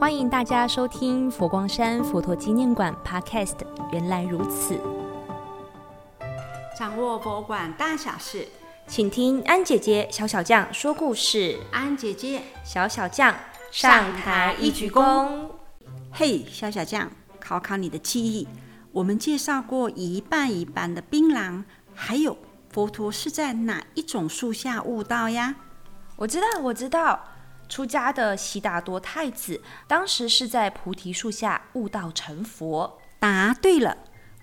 歡迎大家收聽佛光山佛陀紀念館 Podcast《原來如此》，掌握博物館大小事，請聽安姐姐小小將說故事。安姐姐，小小將上台一鞠躬。嘿，小小將，考考你的記憶。我們介紹過一半一半的檳榔，還有佛陀是在哪一種樹下悟道呀？我知道，我知道。出家的悉達多太子，當時是在菩提樹下悟道成佛。答對了。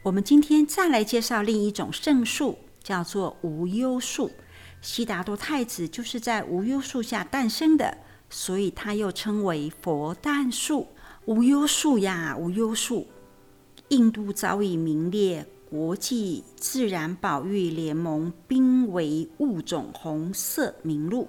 我們今天再來介紹另一種聖樹，叫做無憂樹。悉達多太子就是在無憂樹下誕生的，所以他又稱為佛誕樹。無憂樹呀，無憂樹，印度早已名列國際自然保育聯盟瀕危物種紅色名錄，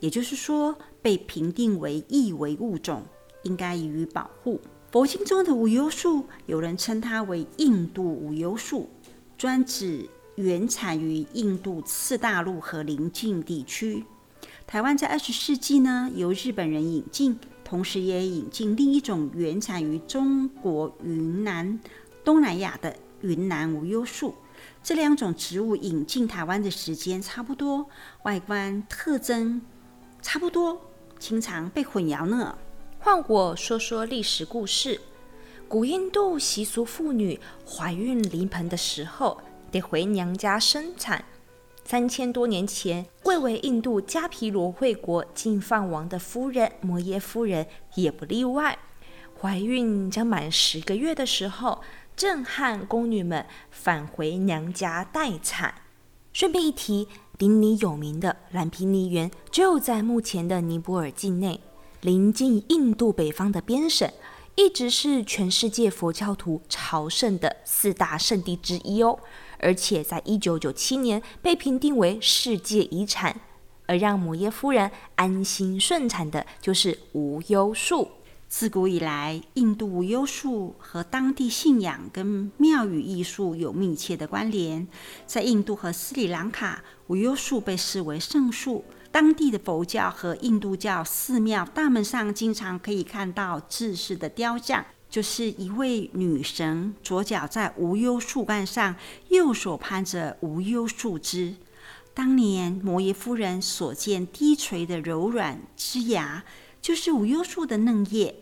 也就是說。被評定為易危物種，應該予以於保護。佛經中的無憂樹，有人稱它為印度無憂樹，專指原產於印度次大陸和鄰近地區。台灣在二十世紀呢，由日本人引進，同時也引進另一種原產於中國雲南、東南亞的雲南無憂樹。這兩種植物引進台灣的時間差不多，外觀特徵差不多，經常被混淆呢。換我說說歷史故事。古印度習俗，婦女懷孕臨盆的時候得回娘家生產。三千多年前，貴為印度迦毗羅衛國淨飯王的夫人摩耶夫人也不例外。懷孕將滿十個月的時候，震撼宮女們返回娘家待產。順便一提。鼎鼎有名的藍毘尼園就在目前的尼泊爾境內，臨近印度北方的邊省，一直是全世界佛教徒朝聖的四大聖地之一哦。而且在一九九七年被評定為世界遺產，而讓摩耶夫人安心順產的就是無憂樹。自古以來，印度無憂樹和當地信仰跟廟宇藝術有密切的關聯。在印度和斯里蘭卡，無憂樹被視為聖樹。當地的佛教和印度教寺廟大門上經常可以看到制式的雕像，就是一位女神，左腳在無憂樹幹上，右手攀着無憂樹枝。當年摩耶夫人所見低垂的柔軟枝芽。就是無憂樹的嫩葉，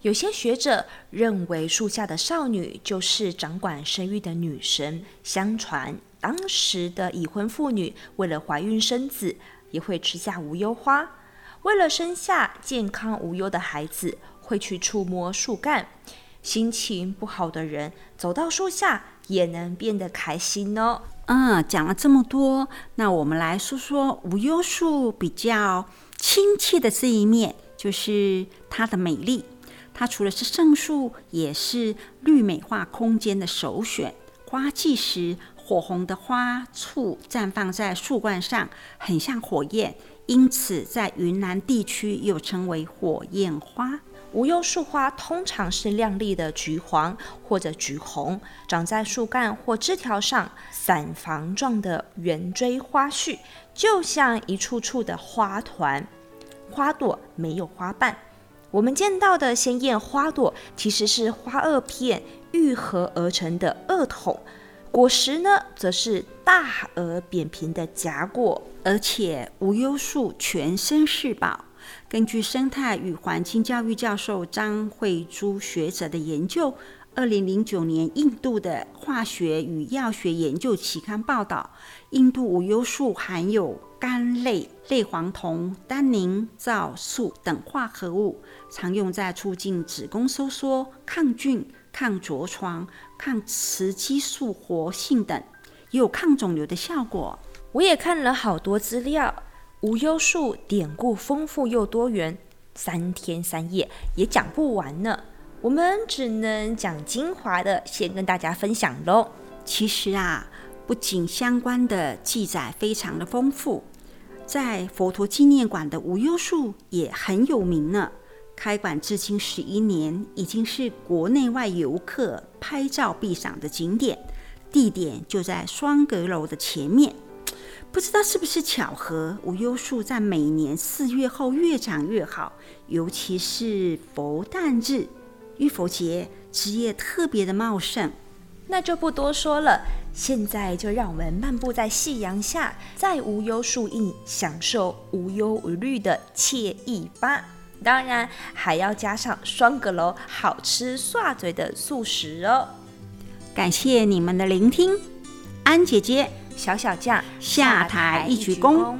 有些學者認為樹下的少女就是掌管生育的女神。相傳當時的已婚婦女為了懷孕生子，也會吃下無憂花；為了生下健康無憂的孩子，會去觸摸樹幹。心情不好的人走到樹下，也能變得開心哦。嗯，講了這麼多，那我們來說說無憂樹比較親切的這一面。就是它的美麗。它除了是聖樹，也是綠美化空間的首選。花季時，火紅的花簇綻放在樹冠上，很像火焰，因此在雲南地區又稱為火焰花。無憂樹花通常是亮麗的橘黃或者橘紅，長在樹幹或枝條上，傘房狀的圓錐花序，就像一簇簇的花團。花朵沒有花瓣，我們見到的鮮豔花朵其實是花萼片癒合而成的萼筒。果實呢，則是大而扁平的莢果，而且無憂樹全身是寶。根據生態與環境教育教授張慧珠學者的研究，二零零九年印度的《化學與藥學研究期刊》報道，印度無憂樹含有。苷類、類黃酮、丹寧、皂素等化合物，常用在促進子宮收縮、抗菌、抗痤瘡、抗雌激素活性等，也有抗腫瘤的效果。我也看了好多資料，無憂樹典故豐富又多元，三天三夜也講不完呢。我們只能講精華的，先跟大家分享嘍。其實啊，不僅相關的記載非常的豐富。在佛陀紀念館的無憂樹也很有名呢。開館至今十一年，已經是國內外遊客拍照必賞的景點。地點就在雙閣樓的前面。不知道是不是巧合，無憂樹在每年四月後越長越好，尤其是佛誕日、浴佛節，枝葉特別的茂盛。那就不多說了。現在就讓我們漫步在夕陽下，在無憂樹蔭，享受無憂無慮的愜意吧。當然，還要加上雙閣樓好吃涮嘴的素食哦。感謝你們的聆聽，安姐姐，小小醬下台一鞠躬。